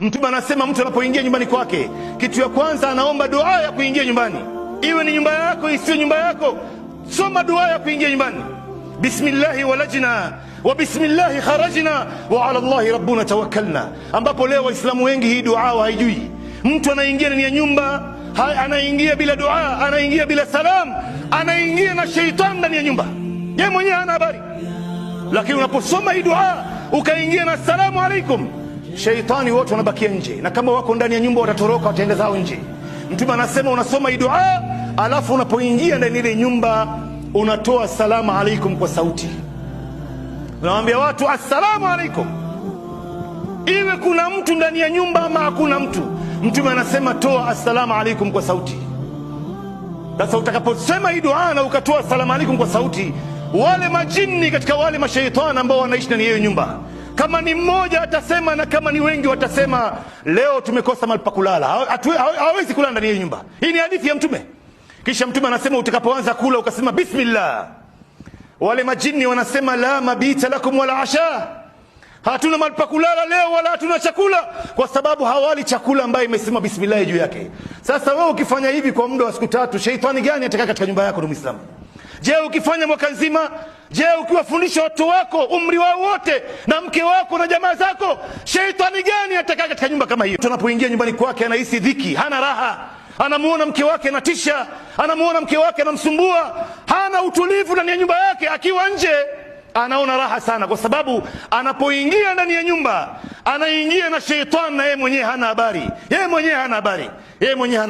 Mtume anasema mtu anapoingia nyumbani kwake, kitu ya kwanza anaomba dua ya kuingia nyumbani, iwe ni nyumba yako isiyo nyumba yako, soma dua ya kuingia nyumbani, bismillahi walajna wa bismillahi kharajna wa ala llahi rabbuna tawakkalna, ambapo leo Waislamu wengi hii dua haijui. Mtu anaingia ndani ya nyumba, anaingia bila dua, anaingia bila salam, anaingia na sheitani ndani ya nyumba, yeye mwenyewe hana habari. Lakini unaposoma hii dua ukaingia na salamu alaikum Sheitani wote wanabakia nje, na kama wako ndani ya nyumba watatoroka, wataenda zao nje. Mtume anasema unasoma hii dua, ah! alafu unapoingia ndani ile nyumba unatoa salamu alaikum kwa sauti, unawaambia watu assalamu alaikum, iwe kuna mtu ndani ya nyumba ama hakuna mtu. Mtume anasema toa assalamu alaikum kwa sauti. Sasa utakaposema hii dua ah, na ukatoa assalamu alaikum kwa sauti, wale majini katika wale mashaitani ambao wanaishi ndani ya hiyo nyumba kama ni mmoja atasema na kama ni wengi watasema, leo tumekosa mali pa kulala. Hawezi kulala ndani ya nyumba. Hii ni hadithi ya Mtume. Kisha Mtume anasema utakapoanza kula ukasema bismillah, wale majini wanasema la mabita lakum wala asha, hatuna mali pa kulala leo wala hatuna chakula, kwa sababu hawali chakula ambaye imesema bismillah juu yake. Sasa wewe ukifanya hivi kwa muda wa siku tatu, sheitani gani atakaa katika nyumba yako? ndo Muislamu. Je, ukifanya mwaka nzima? Je, ukiwafundisha watu wako umri wao wote na mke wako na jamaa zako, sheitani gani atakaa katika nyumba kama hiyo? Tunapoingia nyumbani kwake, anahisi dhiki, hana raha, anamuona mke wake anatisha, anamuona mke wake anamsumbua, hana utulivu ndani ya nyumba yake. Akiwa nje anaona raha sana, kwa sababu anapoingia ndani ya nyumba anaingia na sheitani, na yeye mwenyewe hana habari, yeye mwenyewe hana habari, yeye mwenyewe hana